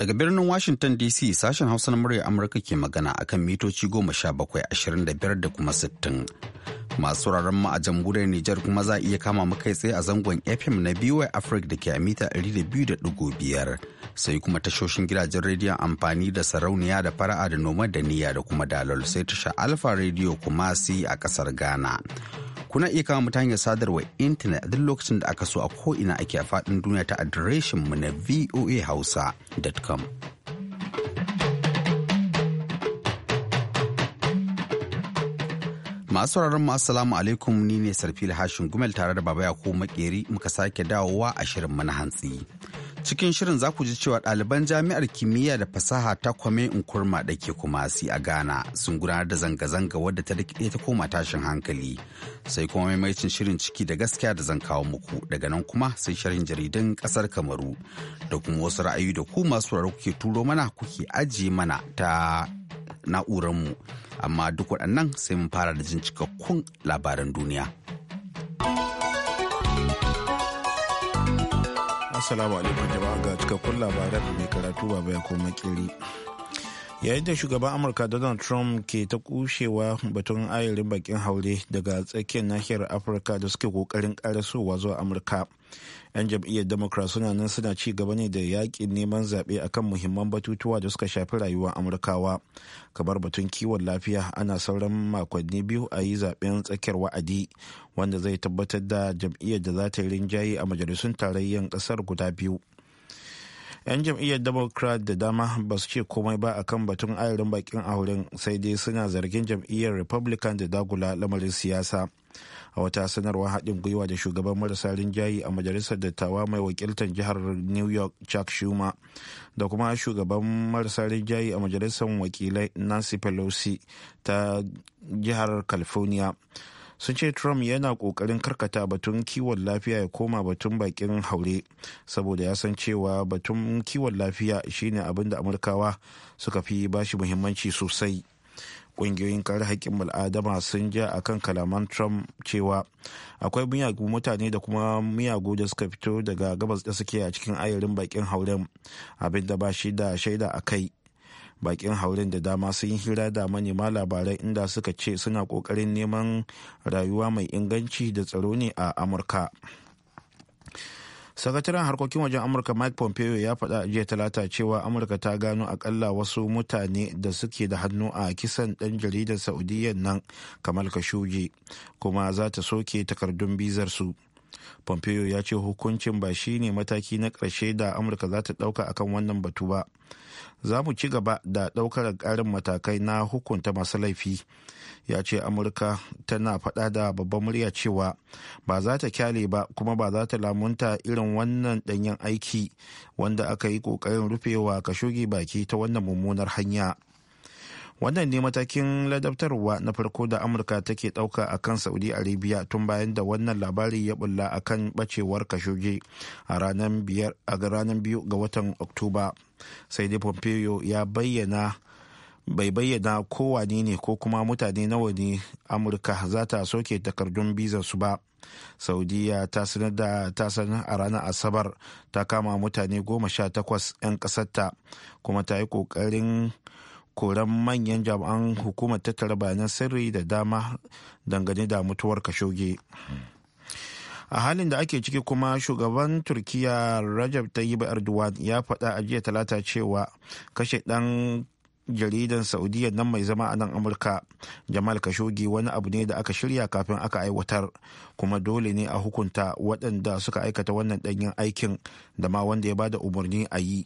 Daga birnin Washington DC sashen Hausa na murya Amurka ke magana akan mitoci goma sha bakwai ashirin da biyar da kuma sittin. Masu wuraren mu a jamhuriyar Nijar kuma za a iya kama mu kai tsaye a zangon FM na BY Africa da ke a mita ɗari da biyu da ɗigo biyar. Sai kuma tashoshin gidajen rediyon amfani da sarauniya da fara'a da noma da niyya da kuma dalol sai tasha Alfa Radio kumasi a ƙasar Ghana. kuna iya kama mu ta hanyar sadarwar intanet a duk lokacin da aka so a ko ina ake a faɗin duniya ta adireshin mu na voahausa.com. Masu sauraron mu assalamu alaikum ni ne Sarfil Hashin Gumel tare da Baba ko Makeri muka sake dawowa a shirin mana hantsi. Cikin shirin za ku ji cewa ɗaliban jami'ar kimiyya da fasaha ta kwame nkurma da ke kumasi a Ghana sun gudanar da zanga-zanga wadda ta rikide ta koma tashin hankali. Sai kuma maimacin shirin ciki da gaskiya da zan kawo muku daga nan kuma sai shirin jaridun ƙasar Kamaru da kuma wasu ra'ayi da ku masu raro kuke turo mana kuke ajiye mana ta na'urarmu Amma duk waɗannan sai mun fara da jin cikakkun labaran duniya. Assalamu alaikum jama'a ga cikakkun labaran mai karatu baba ya koma kiri. Yayin da shugaban Amurka Donald Trump ke ta kushewa batun ayarin bakin haure daga tsakiyar nahiyar Afirka da suke kokarin karasowa zuwa Amurka. 'yan jam'iyyar democrat suna nan suna ci gaba ne da yakin neman zaɓe akan muhimman batutuwa da suka shafi rayuwar amurkawa kamar batun kiwon lafiya ana sauran makonni biyu a yi zaɓen tsakiyar wa'adi wanda zai tabbatar da jam'iyyar da za ta yi rinjaye a majalisun tarayyar ƙasar guda biyu 'yan jam'iyyar democrat da dama ba su ce komai ba a kan batun ayarin bakin auren sai dai suna zargin jam'iyyar republican da dagula lamarin siyasa a wata sanarwar haɗin gwiwa da shugaban marasa rinjaye a majalisar dattawa mai wakiltar jihar new york chuck schumer da kuma shugaban marasa rinjaye a majalisar wakilai nancy pelosi ta jihar california sun ce trump yana kokarin karkata batun kiwon lafiya ya koma batun bakin haure saboda ya san cewa batun kiwon lafiya shine abin da amurkawa suka fi bashi muhimmanci sosai ƙungiyoyin kare haƙƙin bal'adama sun ja a kan kalaman trump cewa akwai miyagu mutane da kuma miyagu da suka fito daga gabas da suke a cikin ayarin bakin hauren abinda da ba shi da shaida a kai bakin haurin da dama sun yi hira da manema labarai inda suka ce suna kokarin neman rayuwa mai inganci da tsaro ne a amurka sakataren harkokin wajen amurka mike pompeo ya faɗa a jiya talata cewa amurka ta gano akalla wasu mutane da suke da hannu a kisan ɗan jaridar saudiyyar nan kamal kashuji kuma za ta soke takardun bizar su pompeo ya ce hukuncin ba shi ne mataki na ƙarshe da amurka za ta ɗauka akan wannan batu ba za mu ci gaba da ɗaukar ƙarin matakai na hukunta masu laifi ya ce amurka tana faɗa da babban murya cewa ba za ta kyale ba kuma ba za ta lamunta irin wannan ɗanyen aiki wanda aka yi ƙoƙarin rufewa ka kashogi baki ta wannan mummunar hanya wannan ne matakin ladabtarwa na farko da amurka take dauka a kan saudi arabia tun bayan da wannan labari ya bulla a kan bacewar kashoge a ranar biyu ga watan oktoba sai dai pompeo ya bayyana bai bayyana ko ne ko kuma mutane nawa ne amurka za ta soke takardun bizar su ba saudiya ta sanar da ta sanar a ranar asabar ta kama mutane goma sha takwas 'yan ƙasarta kuma ta yi ƙoƙarin koran manyan jami'an hukumar tattara bayanan sirri da dama dangane da mutuwar kashoge a halin da ake ciki kuma shugaban turkiya rajab tayyip erdogan ya faɗa a jiya talata cewa kashe ɗan jaridan saudiya nan mai zama a nan amurka jamal kashogi wani abu ne da aka shirya kafin aka aiwatar kuma dole ne a hukunta waɗanda suka aikata wannan ɗanyen aikin da ma wanda ya bada umarni a yi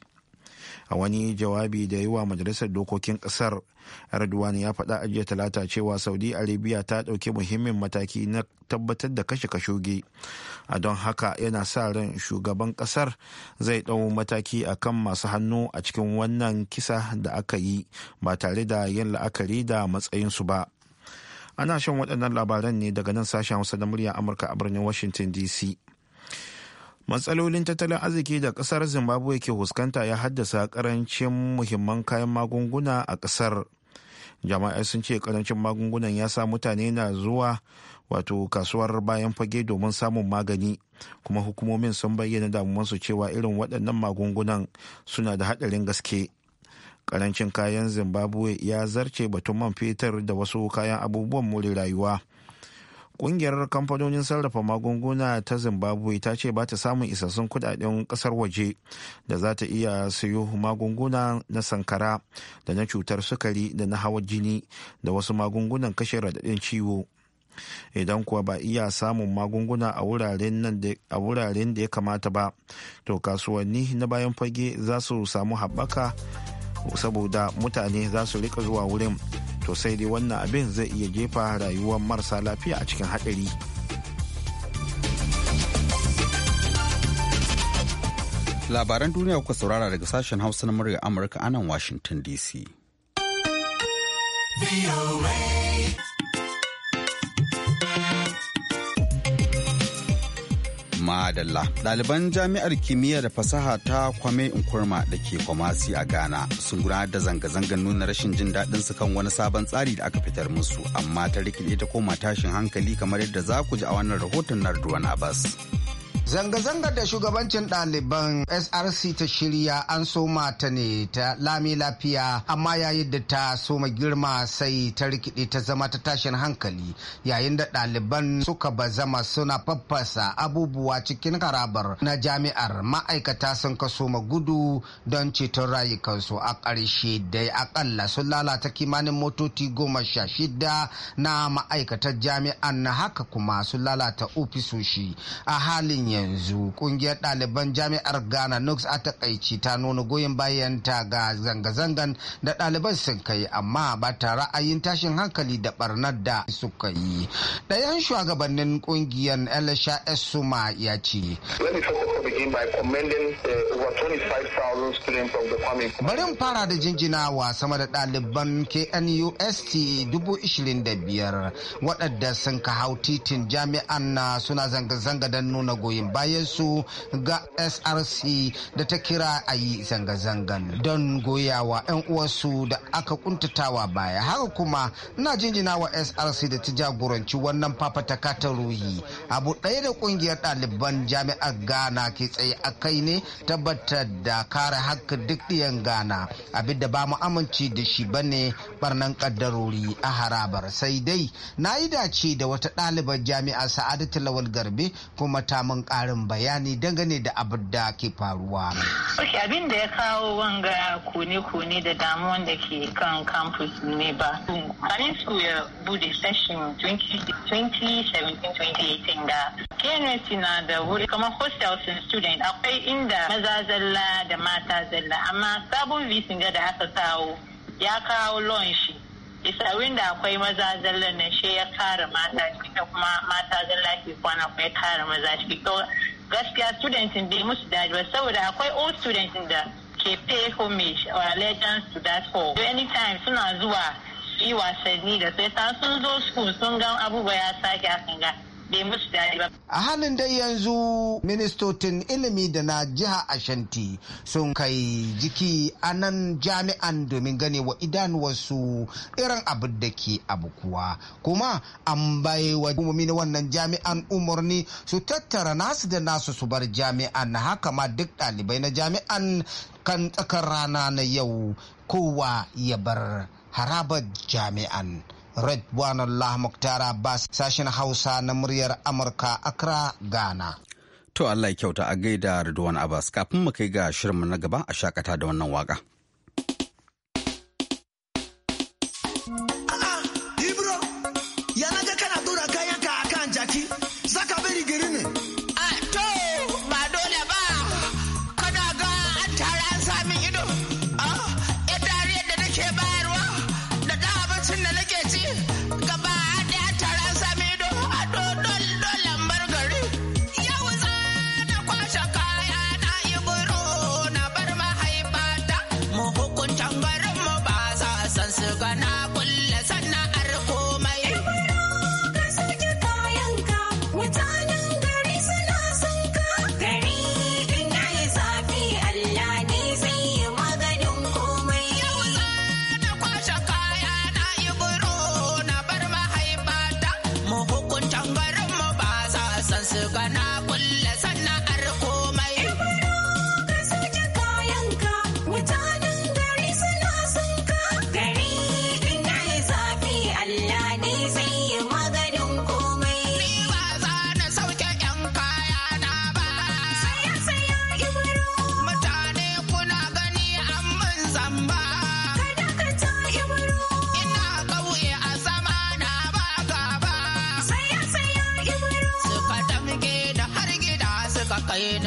a wani jawabi da yi wa majalisar dokokin kasar radwan ya faɗa a jiya talata cewa saudi arabia ta ɗauki muhimmin mataki na tabbatar da kashe kashoge a don haka yana sa ran shugaban kasar zai ɗau mataki a kan masu hannu a cikin wannan kisa da aka yi ba tare da yin la'akari da matsayinsu ba ana shan waɗannan labaran ne daga nan sashen hausa da murya amurka a birnin washington dc matsalolin tattalin arziki da kasar zimbabwe ke huskanta ya haddasa karancin muhimman kayan magunguna a kasar jama'ai sun ce karancin magungunan ya sa mutane na zuwa wato kasuwar bayan fage domin samun magani kuma hukumomin sun bayyana damuwansu cewa irin waɗannan magungunan suna da haɗarin gaske karancin kayan zimbabwe ya zarce batun man fetur da wasu kayan abubuwan more rayuwa Ƙungiyar kamfanonin sarrafa magunguna ta Zimbabwe ta ce ba ta samun isassun kudaden ƙasar waje da za ta iya siyo magunguna na sankara da na cutar sukari da na hawan jini da wasu magungunan kashe raɗaɗin ciwo. idan kuwa ba iya samun magunguna a wuraren da ya kamata ba to kasuwanni na bayan fage za su samu haɓaka saboda mutane za su rika zuwa wurin to sai dai wannan abin zai iya jefa rayuwar marasa lafiya a cikin haɗari. labaran duniya kuka saurara daga sashen hausa na murya amurka anan washington dc Madalla. Ɗaliban jami'ar kimiyya da fasaha ta Kwame Nkrumah da ke Kwamasi a Ghana sun gudanar da zanga-zangar nuna rashin jin daɗin su kan wani sabon tsari da aka fitar musu, amma ta rikide ta koma tashin hankali kamar yadda za ku ji a wannan rahoton na Abbas. Zanga-zangar da shugabancin ɗaliban SRC ta shirya an soma ta ne ta lami lafiya amma yayin da ta soma girma sai ta rikide ta zama ta tashin hankali yayin da ɗaliban suka bazama suna faffasa abubuwa cikin harabar na jami'ar ma'aikata sun ka kaso gudu don ceton rayukansu a ƙarshe dai akalla sun lalata kimanin motoci goma sha shida na ma'aikatar jami'an haka kuma sun lalata ofisoshi a halin yanzu kungiyar ɗaliban jami'ar ghana nux a takaici ta nuna goyon bayan ta ga zanga-zangan da ɗaliban sun kai amma ba ta ra'ayin tashin hankali da barnar da suka yi ɗayan shugabannin kungiyar elisha esuma ya ce begin by commending the over 25,000 students of the farming. Bari fara da jinjinawa sama da ɗaliban KNUST 25,000 waɗanda sun ka hau titin jami'an na suna zanga-zanga don nuna goyon bayan su ga SRC da ta kira a yi zanga-zangan don goyawa 'yan uwansu da aka kuntatawa baya. Haka kuma ina jinjinawa SRC da ta jagoranci wannan fafataka ta ruhi. Abu ɗaya da ƙungiyar ɗaliban jami'ar Ghana ke tsaye a kai ne tabbatar da kare hakkin duk ɗiyan gana abin da ba mu amince da shi ba bane barnan kaddarori a harabar sai dai na yi dace da wata ɗalibar jami'a Sa'adatu Lawal Garbe kuma ta mun ƙarin bayani dangane da abin da ke faruwa. abin da ya kawo wanga kone-kone da damuwan da ke kan campus ne ba. su ya bude session 2017-2018 da KNS na da wuri kamar sun student akwai inda maza zalla da mata zalla amma sabon visin da aka kawo ya kawo loan shi isa akwai maza zalla na shi ya kare mata ciki kuma mata zalla ke kwana kuma ya kare maza ciki to gaskiya studentin bai musu daji ba saboda akwai old studentin da ke pay homage or allegiance to that hall anytime suna zuwa yi wasanni da sai sun zo school sun ga abubuwa ya sake a ga A halin dai yanzu ministocin ilimi da na jiha Ashanti sun kai jiki a nan jami'an domin gane wa idanuwarsu irin abin da ke abu kuwa. Kuma an bai wa na wannan jami'an umarni su tattara nasu da nasu su bar jami'an haka ma duk ɗalibai na jami'an kan tsakar rana na yau kowa ya bar harabar jami'an. Redwan Allah Muktar sashen Hausa na muryar Amurka Accra, Ghana. To Allah ya kyauta a gaida Redwan Abbas kafin mu kai ga shirinmu na gaba a shakata da wannan waka.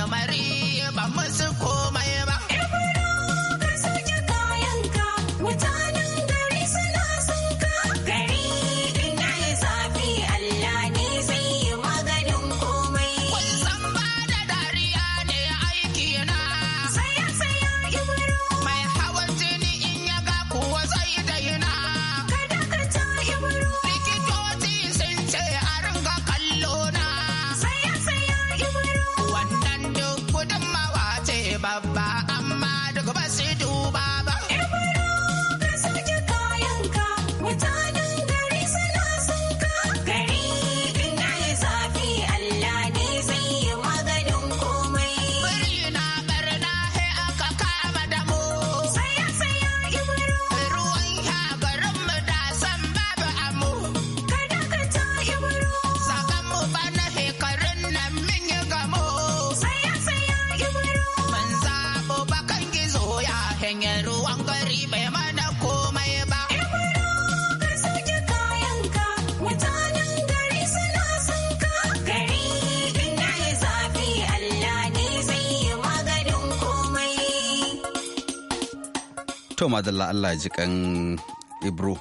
my ring. To madalla Allah ji kan Ibro.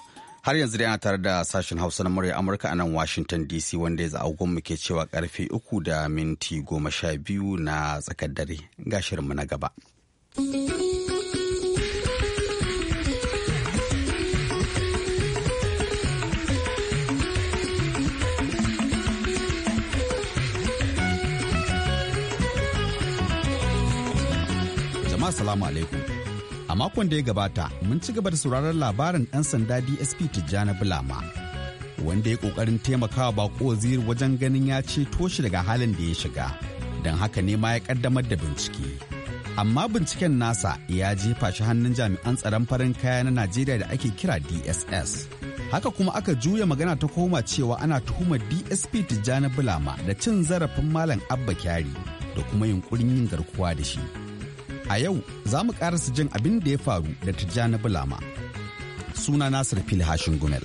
Har yanzu dai ana tare da sashen Hausa na murya Amurka a nan Washington DC wanda ya za'a mu ke cewa karfe uku da minti goma sha biyu na tsakar dare. Ga shirinmu na gaba. jama'a salamu alaikum makon da ya gabata, mun ci gaba da sauraron labarin ɗan sanda DSP Tijjani Bulama, wanda ya ƙoƙarin taimakawa bako wazir wajen ganin ya ce toshi daga halin da ya shiga. Don haka ne ma ya ƙaddamar da bincike. Amma binciken nasa ya jefa shi hannun jami'an tsaron farin kaya na Najeriya da ake kira DSS. haka kuma aka juya magana ta koma cewa ana tuhumar dsp tijjani bulama da cin zarafin malam abba kyari da kuma yunkurin yin garkuwa da shi A yau za mu karasa jin abin da ya faru da Tijjani Bulama. Suna Nasir Fili Hashin Gumel.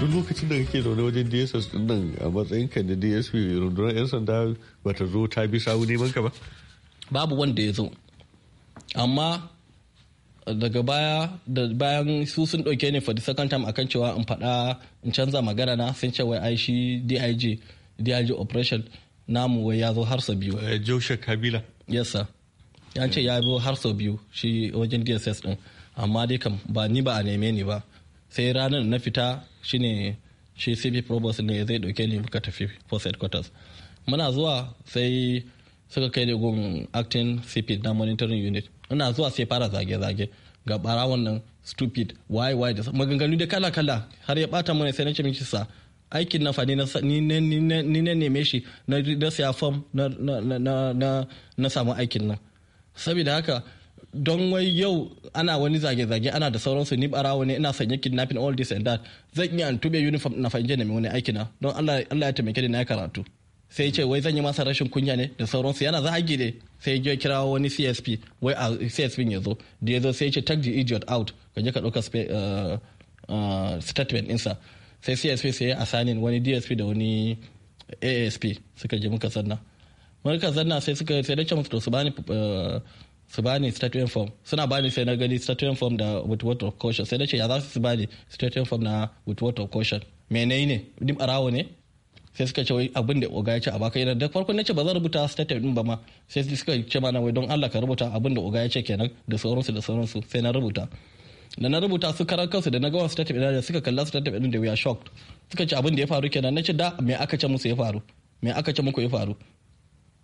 duk lokacin da kake zaune wajen dss din nan a matsayin kan dsp rundunar 'yan sanda ba ta zo ta bi sawu neman ka ba babu wanda ya zo amma daga baya da bayan su sun ɗauke ni for the second time akan cewa in faɗa in canza magana na sun ce wai ai shi dig dig operation namu wai ya zo har sau biyu. Eh, Joshua Kabila. Yes sir. Ya ce ya zo har sau biyu shi wajen DSS din amma dai kam ba ni ba a neme ni ba sai ranar na fita shine shi CP Provost ne zai ɗauke ni muka tafi set headquarters. Muna zuwa sai suka kai ni gun acting CP na monitoring unit. ina zuwa sai fara zage-zage ga barawon nan stupid why why da maganganu da kala-kala har ya bata mana sai na ce miki sa aikin na fani ni na neme shi na siya fam na samu aikin nan saboda haka don wai yau ana wani zage-zage ana da sauransu ni barawo ne ina sanye kidnapping all this and that zan iya an tube uniform na fanje wani aikina don Allah ya taimake ni na karatu sai ce wai zan yi masa rashin kunya ne da sauransu yana zagi ne sai ya kira wani csp wai a csp ya zo da ya zo sai ce take the idiot out ka je ka ɗauka eh, eh, statement ɗinsa sai csp sai ya asanin wani dsp da wani asp suka je muka zanna muka zanna sai suka sai dace musu to su bani eh, su bani statement form suna bani sai na gani statement form da with word of caution sai dace ya za su bani statement form na with word of caution menene ne dim arawo ne sai suka ce wai abin da oga ya ce a baka yana da farko nace ba zan rubuta statement din ba ma sai suka ce mana wai don Allah ka rubuta abin da oga ya ce kenan da sauransu da sauransu sai na rubuta da na rubuta su karar kansu da na ga su tattaɓe da suka kalla su tattaɓe din da we are shocked suka ce abin da ya faru kenan nace da me aka ce musu ya faru me aka ce muku ya faru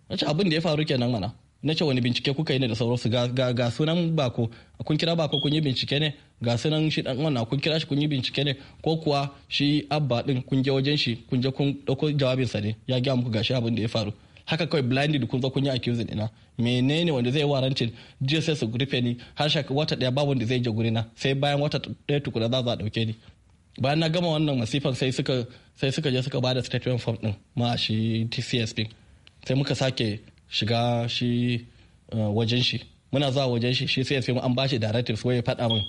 nace abin da ya faru kenan mana nace wani bincike kuka yi ne da sauransu ga ga sunan bako kun kira bako kun yi bincike ne ga sanan shi dan wannan kun kira shi kun yi bincike ne ko kuwa shi abba din kun je wajen shi kun je kun dauko jawabin sa ne ya gaya muku gashi abin da ya faru haka kawai blinded kun zo kun yi accusing ina menene wanda zai warancin jiya su rufe ni har shaka wata daya babu wanda zai je gurina sai bayan wata daya tukuna za a dauke ni bayan na gama wannan masifan sai suka sai suka je suka bada statement form din ma shi TCS sai muka sake shiga shi eh, wajen shi muna zuwa wajen shi shi sai sai an bashi directives wai ya faɗa min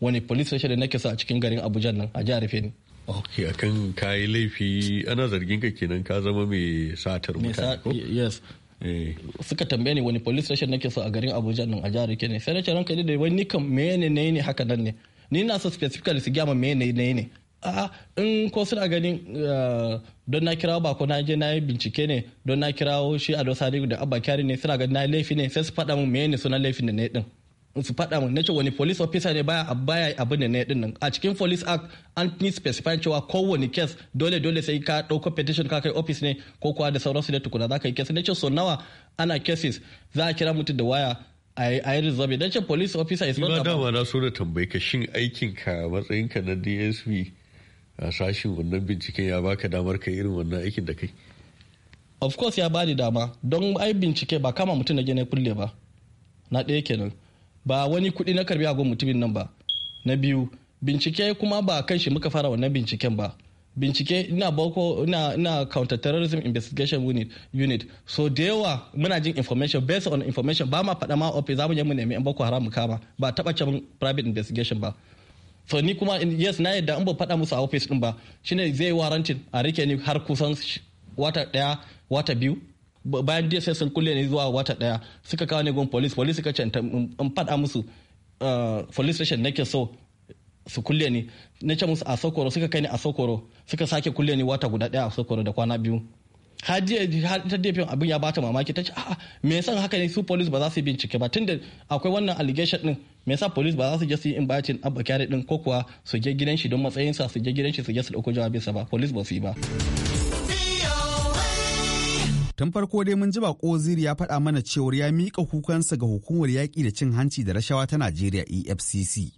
wani police station da nake sa a cikin garin abuja nan a jihar Feni. ok akan kayi laifi ana zargin ka kenan ka zama mai satar mutane yes eh. suka tambaye ni wani police station nake so a garin abuja nan a jihar kene sai na ce ranka da wani kan mene ne ne haka nan ne ni na so specifically su gyama mene ne ne a'a in ko suna ganin eh, don na kirawo ba ko na je na yi bincike ne don na kirawo shi a dosa da abba kyari ne suna ganin na laifi ne sai su faɗa min mene sunan laifin da ne din su faɗa mun nace wani police officer ne baya baya abin da ne din nan a cikin police act an ni specify cewa kowane case dole dole sai ka ɗauko petition ka kai office ne ko kuwa da sauransu ne tukuna za ka yi case nace so nawa ana cases za a kira mutum da waya a yi resolve dan ce police officer is not about dama na so da tambaye ka shin aikin ka matsayin ka na DSP a sashin wannan binciken ya baka damar ka irin wannan aikin da kai of course ya bani dama don ai bincike ba kama mutum na gane kulle ba na ɗaya kenan ba wani kuɗi na karbi agon mutumin nan ba na biyu bincike kuma ba kan shi muka fara wannan binciken ba bincike ina boko ina ina counter terrorism investigation unit unit so da yawa muna jin information based on information ba ma faɗa ma ofe za mu je mu nemi yan boko haram mu kama ba taba can private investigation ba so ni kuma yes na yadda an ba faɗa musu a office din ba shine zai warantin a rike ni har kusan wata ɗaya wata biyu bayan jiya sai sun kulle ne zuwa wata daya suka kawo ne gun police police suka ce in faɗa musu eh, police station nake so su kulle ni na ce musu a sokoro suka kai ni a sokoro suka sake kulle ni wata guda daya a sokoro da kwana biyu har ta gefen abin ya bata mamaki ta ce a'a me yasa haka ne su police ba za su yi bincike ba tunda akwai wannan allegation din me yasa police ba za su je su yi inviting abba kyare din ko kuwa su je gidan shi don matsayinsa su je gidan shi su je su dauko jawabinsa ba police ba su yi ba Tun farko dai mun ji bako ziri ya faɗa mana cewar ya miƙa kukansa ga hukumar yaƙi da cin hanci da rashawa ta Najeriya EFCC.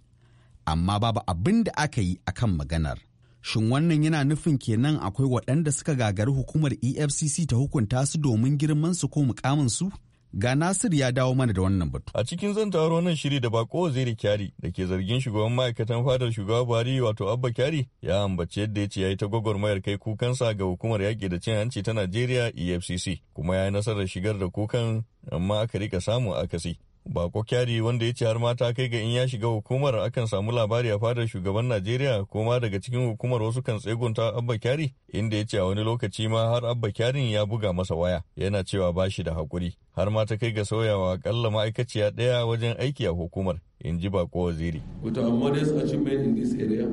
Amma babu abin da aka yi a kan maganar. Shin wannan yana nufin kenan akwai waɗanda suka gagari hukumar EFCC ta hukunta su domin girmansu ko mukamin su? Ga Nasir ya dawo mana da wannan batu. A cikin zan taro nan shiri da bako Waziri Kyari da ke zargin shugaban ma'aikatan fadar shugaba Buhari wato Abba Kyari ya ambaci yadda ya ce ya yi ta mayar kai kukansa ga hukumar yaƙi da cin hanci ta Najeriya EFCC kuma ya yi nasarar shigar da kukan amma aka rika samu akasi. Bako kyari wanda ya ce har mata kai ga in ya shiga hukumar akan samu labari a fadar shugaban Najeriya ko ma daga cikin hukumar wasu kan tsegunta Abba kyari inda ya ce a wani lokaci ma har Abba kyarin ya buga masa waya yana cewa ba shi da hakuri har mata kai ga sauyawa akalla ma'aikaciya ɗaya wajen aiki a hukumar in ji bako waziri. With our modest achievement in this area,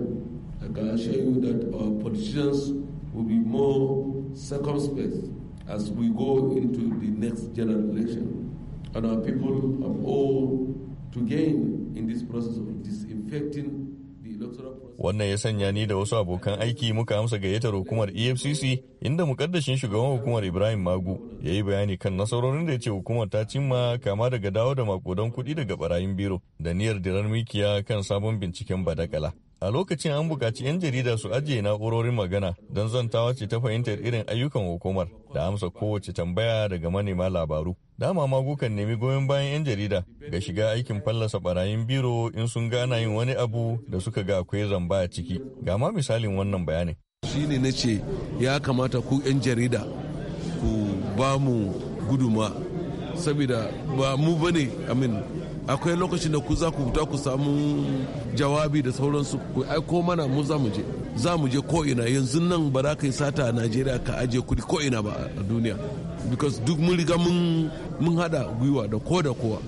I can assure you that our politicians will be more circumspect as we go into the next general election. and our people of all to gain in this process of disinfecting Wannan ya sanya ni da wasu abokan aiki muka amsa gayyatar hukumar EFCC inda mukaddashin shugaban hukumar Ibrahim Magu ya yi bayani kan nasarorin da ya ce hukumar ta cimma kama daga dawo da makodan kuɗi daga barayin biro da niyyar dirar mikiya kan sabon binciken badakala. a lokacin an buƙaci 'yan jarida su ajiye na'urorin magana don zantawa ce ta fahimtar irin ayyukan hukumar da amsa kowace tambaya daga manema labaru dama magukan nemi goyon bayan 'yan jarida ga shiga aikin fallasa barayin biro in sun gana yin wani abu da suka ga akwai zamba a ciki ga ma misalin wannan bayanin ne na ce ya kamata ku 'yan jarida ku ba mu guduma saboda ba mu bane amin akwai lokacin da ku za ku fita ku samu jawabi da sauransu ku aiko mana mu za mu je za mu je ko ina yanzu nan ba za ka yi sata a najeriya ka aje kudi ko ina ba a duniya because duk mun riga mun hada gwiwa da ko da kowa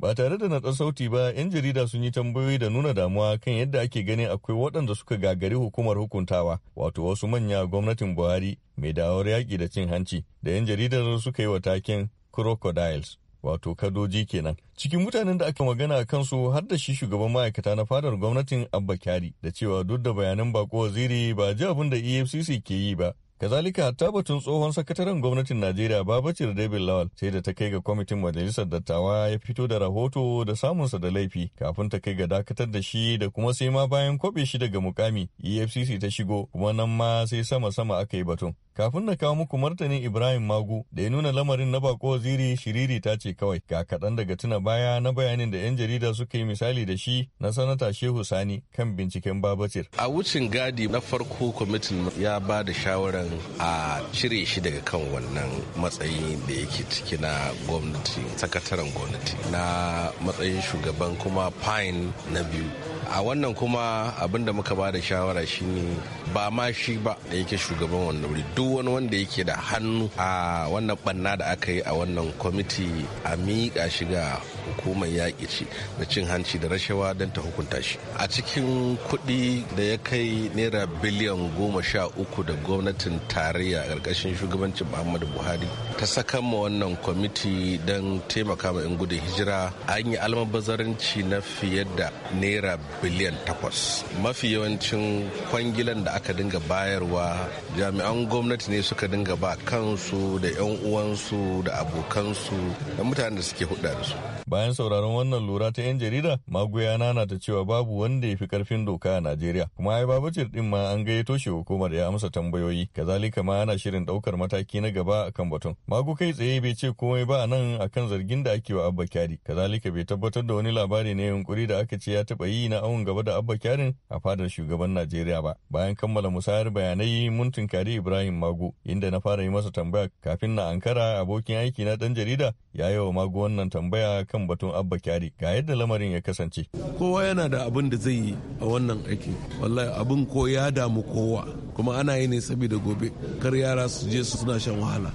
ba tare da natsar sauti ba 'yan jarida sun yi tambayoyi da nuna damuwa kan yadda ake ganin akwai waɗanda suka gagari hukumar hukuntawa wato wasu manya gwamnatin buhari mai dawar yaƙi da cin hanci da 'yan jaridar suka yi wa taken crocodiles wato kadoji kenan cikin mutanen da aka magana a kansu har da shi shugaban ma'aikata na fadar gwamnatin abba kyari da cewa duk da bayanan bako waziri ba ji abin da efcc ke yi ba kazalika hatta batun tsohon sakataren gwamnatin najeriya babacir david lawal sai da ta kai ga kwamitin majalisar dattawa ya fito da rahoto da samunsa da laifi kafin ta kai ga dakatar da shi da kuma sai ma bayan kwabe shi daga mukami efcc ta shigo kuma nan ma sai sama sama aka yi batun Kafin na kawo muku martanin Ibrahim Magu da ya nuna lamarin na bako waziri shiriri ta ce kawai ga kaɗan daga tuna baya na bayanin da 'yan jarida suka yi misali da shi na sanata Shehu Sani kan binciken Babacir. A wucin gadi na farko kwamitin ya ba da shawaran a cire shi daga kan wannan matsayi da yake ciki na gwamnati sakataren gwamnati na matsayin shugaban kuma fine na biyu a wannan kuma abin da muka ba da shawara shine ba ma shi ba da yake shugaban wannan wuri duk wani wanda yake da hannu a wannan banna da aka yi a wannan kwamiti a miƙa shiga hukumar yaƙi ce da cin hanci da rashawa don ta hukunta shi a cikin kuɗi da ya kai naira biliyan goma sha uku da gwamnatin tarayya a ƙarƙashin shugabancin muhammadu buhari ta saka ma wannan kwamiti don taimaka ma 'yan gudun hijira an yi almabazarinci na fiye da naira biliyan takwas mafi yawancin kwangilan da aka dinga bayarwa jami'an gwamnati ne suka dinga ba kansu da 'yan uwansu da abokansu da mutanen da suke hudu da su bayan sauraron wannan lura ta 'yan jarida magoya nana ta cewa babu wanda ya fi karfin doka a najeriya kuma ai babacir din ma an gayyato shi hukumar ya amsa tambayoyi kazalika ma ana shirin daukar mataki na gaba kan batun mago kai tsaye bai ce komai ba nan akan zargin da ake wa abba kyari kazalika bai tabbatar da wani labari ne yunkuri da aka ce ya taba yi na awon gaba da abba kyarin a fadar shugaban najeriya ba bayan kammala musayar bayanai mun tunkari ibrahim mago inda na fara yi masa tambaya kafin na ankara abokin aiki na dan jarida ya yi wa mago wannan tambaya kan batun abba kyari ga yadda lamarin ya kasance kowa yana da abin da zai yi a wannan aiki wallahi abin ko ya damu kowa kuma ana yi ne saboda gobe kar yara su je su suna shan wahala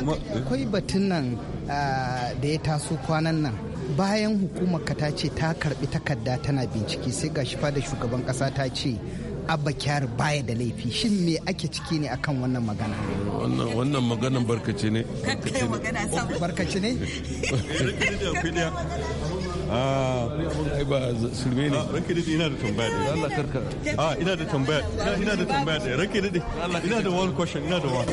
eh? akwai batun nan ah, da ya taso kwanan nan bayan hukumar ka ta ce ta karbi takarda tana bincike sai gashi fa da shugaban kasa ta ce abba baya da laifi shin me ake ciki ne akan wannan magana wannan wannan maganan barkace ne barkace ne ba ne ranke ina da tambaya da ina da tambaya ina da tambaya ina da one question ina da one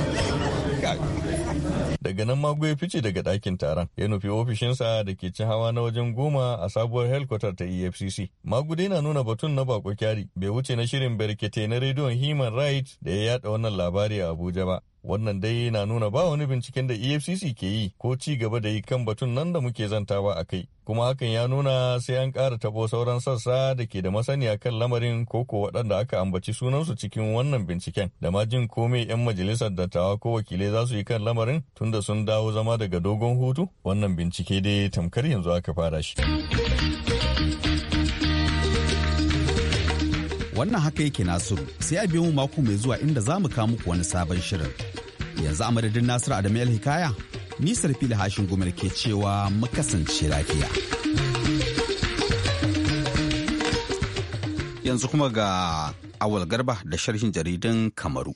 daga nan mago ya fice daga ɗakin taron ya nufi ofishinsa da ke ci hawa na wajen goma a sabuwar helkwatar ta efcc mago dai na nuna batun na bako kyari bai wuce na shirin barkete na rediyon human rights da ya yada wannan labari a abuja ba Wannan dai na nuna ba wani binciken da EFCC ke yi ko ci gaba da yi kan batun nan da muke zantawa a kai. Kuma hakan ya nuna sai an ƙara tabo sauran sassa da ke da masaniya kan lamarin ko ko waɗanda aka ambaci sunansu cikin wannan binciken. Da ma jin komai 'yan majalisar dattawa ko wakilai za su yi kan lamarin tun da sun dawo zama daga dogon hutu wannan bincike dai tamkar yanzu aka fara shi. wannan haka yake nasiru sai a biyo mu mako mai zuwa inda za mu kawo muku wani sabon shirin yanzu a madadin nasiru adamu hikaya ni sarfili hashin gumar ke cewa mu kasance lafiya yanzu kuma ga awal garba da sharhin jaridan kamaru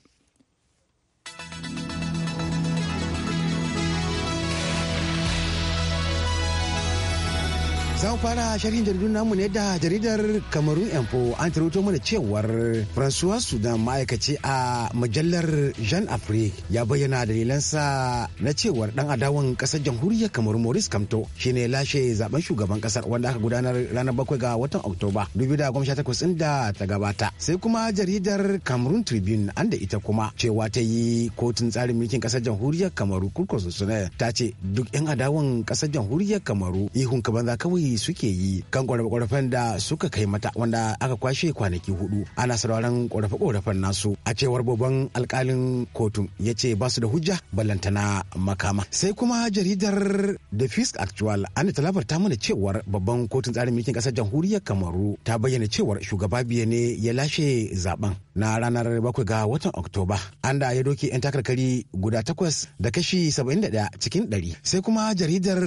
Za mu fara sharhin jaridun namu ne da jaridar Kamarun yanfo an tarauto mana cewar Francois Sudan ma'aikaci a mujallar Jean Afrique ya bayyana dalilansa na cewar dan adawan kasar jamhuriyar Kamaru Maurice Kamto shine lashe zaben shugaban kasar wanda aka gudanar ranar bakwai ga watan Oktoba 2018 din da ta gabata. Sai kuma jaridar kamarun Tribune an da ita kuma cewa ta yi kotun tsarin mulkin kasar jamhuriyar Kamaru Kurkosun ta ce duk 'yan adawan kasar jamhuriyar Kamaru ihun ka banza kawai suke yi kan korafe-korafen da suka kai mata wanda aka kwashe kwanaki hudu ana sauraron ƙorafe-ƙorafen nasu a cewar babban alkalin kotun ya ce ba su da hujja ballantana makama sai kuma jaridar the fisk actual an ta labarta mana cewar babban kotun tsarin mulkin ƙasar jamhuriyar kamaru ta bayyana cewar shugaba biya ne ya lashe zaben na ranar bakwai ga watan Oktoba. An da ya doke 'yan takarkari guda takwas da kashi saba'in da 71 cikin 100. Sai kuma jaridar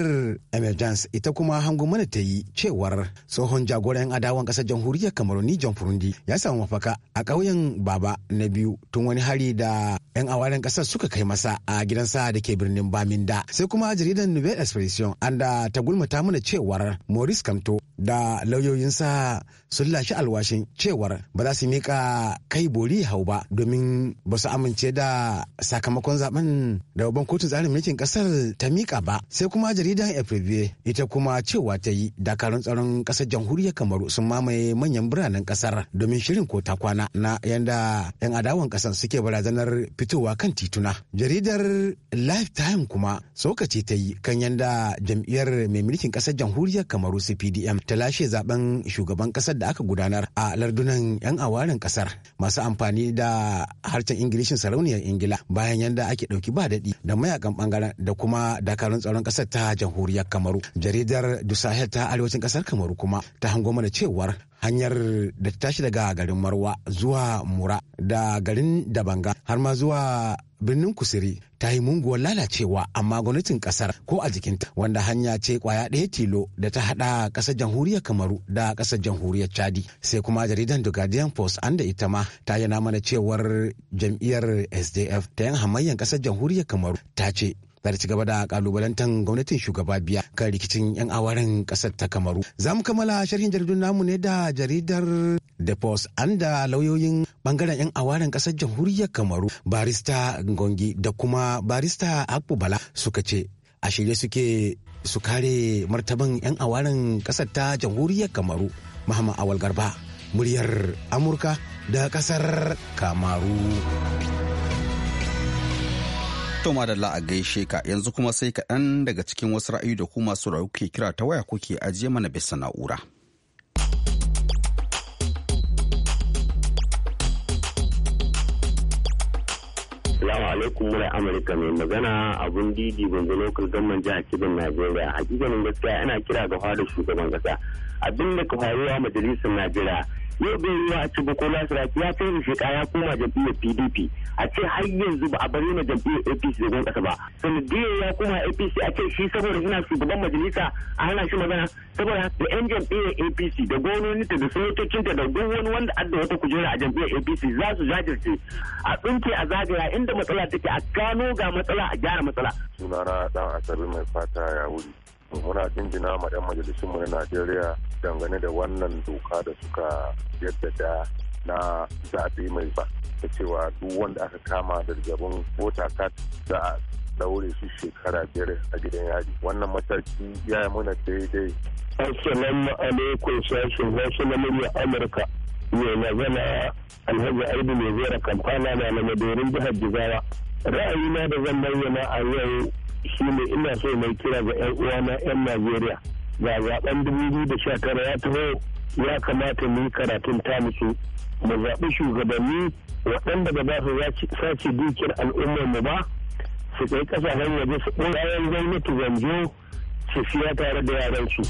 Emergence ita kuma hango mana ta yi cewar tsohon jagoran adawan kasar jamhuriyar Kamaruni John Furundi ya samu mafaka a ƙauyen Baba na biyu tun wani hari da 'yan awaren ƙasar suka kai masa a gidansa da ke birnin Baminda. Sai kuma jaridar Nouvelle Expression an da ta gulmata mana cewar Maurice Kamto da lauyoyinsa sun lashe alwashin cewar ba za su miƙa kai bori hau ba domin ba su amince da sakamakon zaben da babban kotun tsarin mulkin kasar ta mika ba sai kuma jaridar efribe ita kuma cewa ta yi dakarun tsaron kasar jamhuriyar kamaru sun mamaye manyan biranen kasar domin shirin ko ta kwana na yanda yan adawan kasar suke barazanar fitowa kan tituna jaridar lifetime kuma tsokaci ta yi kan yanda jam'iyyar mai mulkin kasar jamhuriyar kamaru cpdm ta lashe zaben shugaban kasar da aka gudanar a lardunan yan awarin kasar masu amfani da harshen ingilishin sarauniyar ingila bayan yadda ake ɗauki ba daɗi da mayakan ɓangaren da kuma dakarun tsaron ƙasar ta jamhuriyar kamaru jaridar dusahel ta arewacin ƙasar kamaru kuma ta hango mana cewar hanyar da ta tashi daga garin marwa zuwa mura da garin dabanga har ma zuwa birnin kusiri ta yi munguwar lalacewa amma gwamnatin kasar ko a jikinta wanda hanya ce kwaya ɗaya tilo da ta haɗa ƙasar jamhuriyar kamaru da ƙasar jamhuriyar chadi sai kuma jaridan the guardian post an da ita ma ta yana mana cewar jam'iyyar sdf ta yan hamayyan ƙasar jamhuriyar kamaru ta ce za ta ci gaba da kalubalantar gwamnatin shugaba biya kan rikicin 'yan awaren kasar ta kamaru za mu kammala sharhin jaridun namu ne da jaridar the post an da lauyoyin bangaren 'yan awaren kasar jamhuriyar kamaru barista gongi da kuma barista akpu bala suka ce a shirye suke su kare martaban 'yan awaren kasar ta jamhuriyar kamaru muhammad awal garba muryar amurka da kasar kamaru. To madalla a gaishe ka yanzu kuma sai kaɗan daga cikin wasu ra'ayi da kuma masu rayu ke kira ta waya kuke ajiye mana bisa na'ura. Salamu alaikum murai Amurka mai magana abun didi gungu lokal gamman jihar Kebbi Najeriya. Hakikanin gaskiya ana kira ga fara shugaban kasa. Abin da ka faruwa majalisar Najeriya yau bai yi a cikin ko siraki ya kai shekara ya koma jam'iyyar pdp a ce har yanzu ba a bari na jam'iyyar apc da ƙasa ba sanadiyar ya koma apc a ce shi saboda suna shugaban majalisa a hana shi magana saboda da yan jam'iyyar apc da gwamnoninta da sanatocinta da duk wani wanda adda wata kujera a jam'iyyar apc za su jajirce a tsinke a zagaya inda matsala take a gano ga matsala a gyara matsala. sunana dan asabe mai fata ya wuri to muna jinjina ma 'yan mu na najeriya dangane da wannan doka da suka jaddada na zaɓe mai ba da cewa duk wanda aka kama da zabin vota card za a daure su shekara biyar a gidan yari wannan mataki ya yi mana daidai assalamu alaikum sashen wasu na murya amurka na magana alhaji aidu mai zera kamfana na na madorin jihar jigawa ra'ayina da zan bayyana a yau shi ne ina so mai kira ga 'yan uwana 'yan najeriya ga zaben tara ya taho ya kamata mu yi karatun ta musu mu zaɓi shugabanni waɗanda ba za su sace dukiyar al'ummar mu ba su kai ƙasashen waje su ɗorayen gwamnati zanjo su siya tare da yaran yaransu.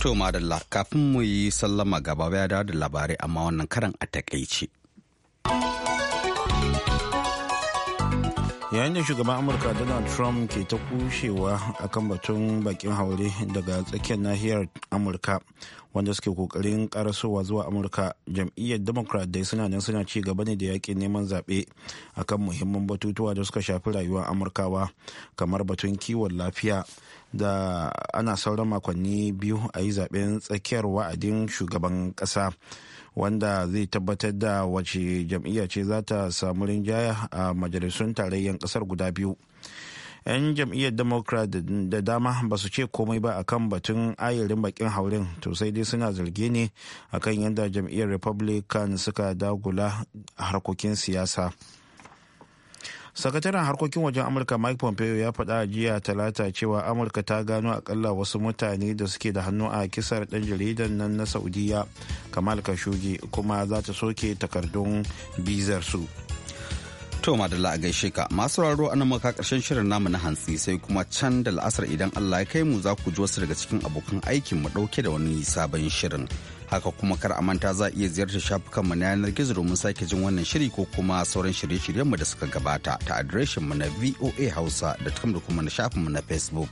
To madalla kafin mu yi sallama gaba ya dawo da labarai amma wannan karan a takaice. yayin da shugaban amurka donald trump ke ta kushewa akan batun bakin haure daga tsakiyar nahiyar amurka wanda suke kokarin karasowa zuwa amurka jam'iyyar democrat dai suna nan suna ci gaba ne da yakin neman zaɓe akan muhimman batutuwa da suka shafi rayuwar amurkawa kamar batun kiwon lafiya da ana sauran makonni biyu a yi zaɓen tsakiyar wa'adin shugaban ƙasa wanda zai tabbatar da wace jam'iyya ce za ta samu rinjaya a majalisun tarayyar kasar guda biyu yan jam'iyyar democrat da dama ba su ce komai ba akan batun ayarin bakin haurin to sai dai suna zarge ne akan yadda jam'iyyar republican suka dagula harkokin siyasa sakataren harkokin wajen amurka mike pompeo ya faɗa jiya talata cewa amurka ta gano akalla wasu mutane da suke da hannu a kisar ɗan jaridan nan na saudiya kamal kashugi kuma za ta soke takardun bizar su to madalla a gaishe ka masu raro ana maka karshen shirin namu na hantsi sai kuma can da la'asar idan allah ya kai mu za ku ji wasu daga cikin abokan aikin mu ɗauke da wani sabon shirin haka kuma kar a manta za a iya ziyartar shafukanmu na yanar gizo domin sake jin wannan shiri ko kuma sauran shirye mu da suka gabata ta adireshin mu na voa hausa da da kuma na shafinmu na facebook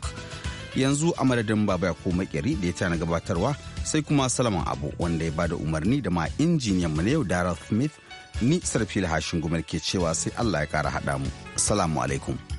yanzu a madadin baba ya makeri da ya tana gabatarwa sai kuma salaman abu wanda ya bada umarni da ma injiniyan mu na yau darrell smith ni sarfil hashin gumar ke cewa sai allah ya kara haɗa mu salamu alaikum